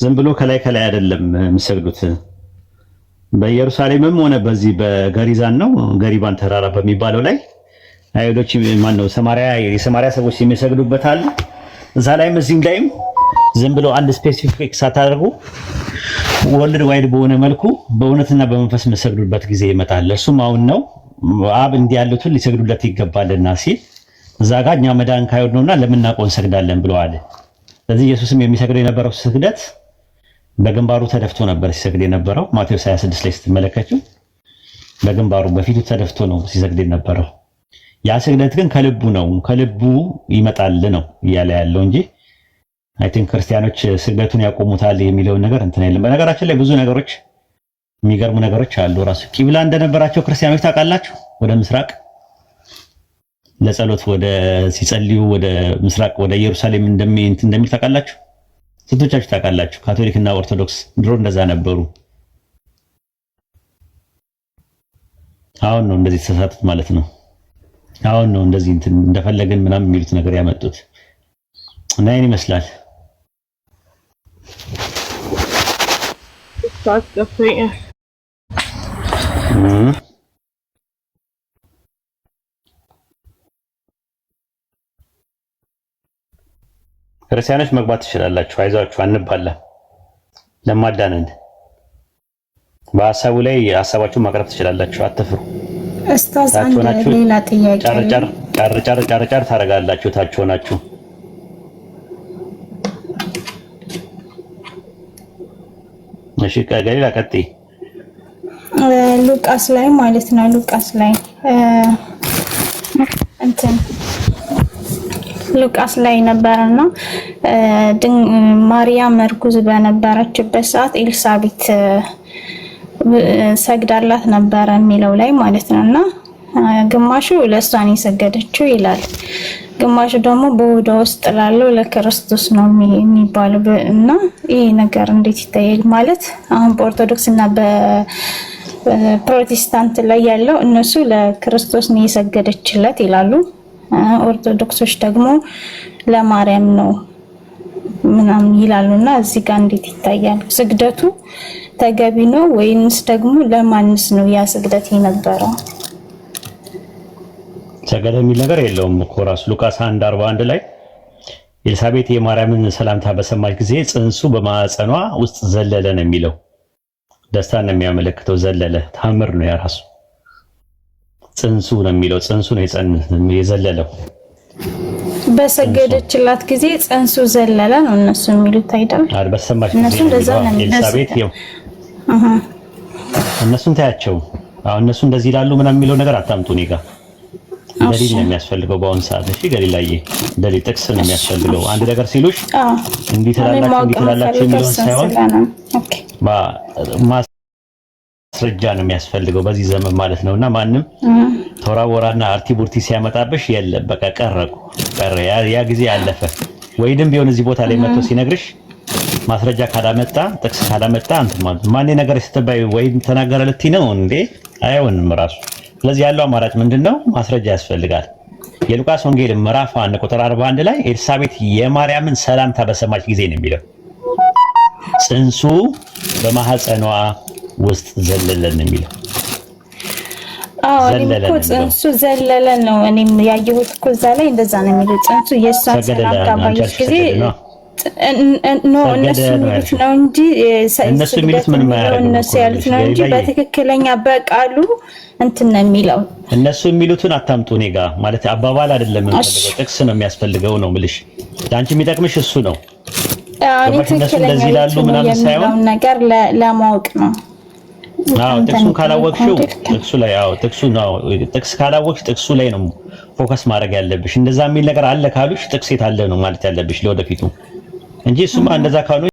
ዝም ብሎ ከላይ ከላይ አይደለም የሚሰግዱት። በኢየሩሳሌምም ሆነ በዚህ በገሪዛን ነው ገሪባን ተራራ በሚባለው ላይ አይሁዶች ማነው ሰማሪያ የሰማሪያ ሰዎች የሚሰግዱበት አለ። እዛ ላይም እዚህም ላይም ዝም ብሎ አንድ ስፔሲፊክ ሳታደርጉ ወርልድ ዋይድ በሆነ መልኩ በእውነትና በመንፈስ የሚሰግዱበት ጊዜ ይመጣል። እሱም አሁን ነው። አብ እንዲህ ያሉትን ሊሰግዱለት ይገባልና ሲል እዛ ጋር እኛ መዳን ካይሆን ነውና ለምናውቀው እንሰግዳለን ብለዋል። ስለዚህ ኢየሱስም የሚሰግደው የነበረው ስግደት በግንባሩ ተደፍቶ ነበር ሲሰግድ የነበረው። ማቴዎስ 26 ላይ ስትመለከቱ በግንባሩ በፊቱ ተደፍቶ ነው ሲሰግድ የነበረው። ያ ስግደት ግን ከልቡ ነው ከልቡ ይመጣል ነው እያለ ያለው እንጂ አይ ቲንክ ክርስቲያኖች ስግደቱን ያቆሙታል የሚለውን ነገር እንትን የለም በነገራችን ላይ ብዙ ነገሮች የሚገርሙ ነገሮች አሉ። ራሱ ቂብላ እንደነበራቸው ክርስቲያኖች ታውቃላችሁ። ወደ ምስራቅ ለጸሎት ወደ ሲጸልዩ ወደ ምስራቅ ወደ ኢየሩሳሌም እንደሚል ታውቃላችሁ። ስንቶቻችሁ ታውቃላችሁ? ካቶሊክና ኦርቶዶክስ ድሮ እንደዛ ነበሩ። አሁን ነው እንደዚህ ተሳሳቱት ማለት ነው። አሁን ነው እንደዚህ እንትን እንደፈለግን ምናምን የሚሉት ነገር ያመጡት እና ይህን ይመስላል። ክርስቲያኖች መግባት ትችላላችሁ። አይዟችሁ፣ አንባላ ለማዳነን በሀሳቡ ላይ ሀሳባችሁን ማቅረብ ትችላላችሁ። አትፍሩ። እስታዝ አንድ ሌላ ጥያቄ ጫርጫር ጫርጫር ታደርጋላችሁ። ታች ሆናችሁ እሺ፣ ገሊላ ቀጥይ። ሉቃስ ላይ ማለት ነው ሉቃስ ላይ እንትን ሉቃስ ላይ ነበረና ማርያም እርጉዝ በነበረችበት ሰዓት ኤልሳቤት ሰግዳላት ነበረ የሚለው ላይ ማለት ነው። እና ግማሹ ለእሷን የሰገደችው ይላል፣ ግማሹ ደግሞ በሆዷ ውስጥ ላለው ለክርስቶስ ነው የሚባለው። እና ይሄ ነገር እንዴት ይታያል? ማለት አሁን በኦርቶዶክስ እና በፕሮቴስታንት ላይ ያለው እነሱ ለክርስቶስ ነው የሰገደችለት ይላሉ ኦርቶዶክሶች ደግሞ ለማርያም ነው ምናምን ይላሉና እዚህ ጋር እንዴት ይታያል? ስግደቱ ተገቢ ነው ወይንስ ደግሞ ለማንስ ነው ያ ስግደት የነበረው? ሰገደ የሚል ነገር የለውም እኮ ራሱ ሉቃስ 1 41 ላይ ኤልሳቤት የማርያምን ሰላምታ በሰማች ጊዜ ጽንሱ በማዕፀኗ ውስጥ ዘለለ ነው የሚለው። ደስታን ነው የሚያመለክተው። ዘለለ ታምር ነው ያራሱ ጽንሱ ነው የሚለው ጽንሱ ነው የዘለለው። በሰገደችላት ጊዜ ጽንሱ ዘለለ ነው እነሱ የሚሉት አይደል? በተሰማች ጊዜ ኤልሳቤጥ እነሱን ታያቸው። አሁን እነሱ እንደዚህ ይላሉ ምናምን የሚለው ነገር አታምጡ እኔ ጋር። ደሊል ነው የሚያስፈልገው በአሁን ሰዓት። እሺ ገሊላዬ፣ ደሊል ጥቅስ ነው የሚያስፈልገው። አንድ ነገር ሲሉሽ እንዲህ ትላላችሁ እንዲህ ትላላችሁ የሚለውን ሳይሆን ማስረጃ ነው የሚያስፈልገው በዚህ ዘመን ማለት ነው። እና ማንም ቶራ ቦራና አርቲ ቡርቲ ሲያመጣብሽ የለም በቃ ቀረቁ ቀረ፣ ያ ጊዜ አለፈ። ወይንም ቢሆን እዚህ ቦታ ላይ መጥቶ ሲነግርሽ ማስረጃ ካላመጣ ጥቅስ ካላመጣ ማን ነገር ስትባይ ወይም ተናገረ ልቲ ነው እንዴ? አይሆንም ራሱ። ስለዚህ ያለው አማራጭ ምንድን ነው? ማስረጃ ያስፈልጋል። የሉቃስ ወንጌል ምዕራፍ 1 ቁጥር 41 ላይ ኤልሳቤት የማርያምን ሰላምታ በሰማች ጊዜ ነው የሚለው ጽንሱ በማህፀኗ ውስጥ ዘለለን የሚለው ጽንሱ ዘለለ ነው። እኔም ያየሁት እኮ እዛ ላይ እንደዛ ነው የሚለው ጽንሱ የእሷን ሰላም ካባየች ጊዜ ነው እንጂ እነሱ የሚሉት ምን እነሱ ያሉት ነው እንጂ በትክክለኛ በቃሉ እንትን ነው የሚለው። እነሱ የሚሉትን አታምጡ እኔ ጋ ማለት አባባል አይደለም ጥቅስ ነው የሚያስፈልገው ነው ምልሽ። ለአንቺ የሚጠቅምሽ እሱ ነው። እኔ እንደዚህ ላሉ ምናምን ሳይሆን ነገር ለማወቅ ነው አዎ ጥቅሱን ካላወቅሽው ጥቅሱ ላይ አዎ ጥቅሱ ነው። ጥቅስ ካላወቅሽ ጥቅሱ ላይ ነው ፎከስ ማድረግ ያለብሽ። እንደዛ የሚል ነገር አለ ካሉሽ ጥቅስ የት አለ ነው ማለት ያለብሽ ለወደፊቱ እንጂ እሱማ እንደዛ ካሉ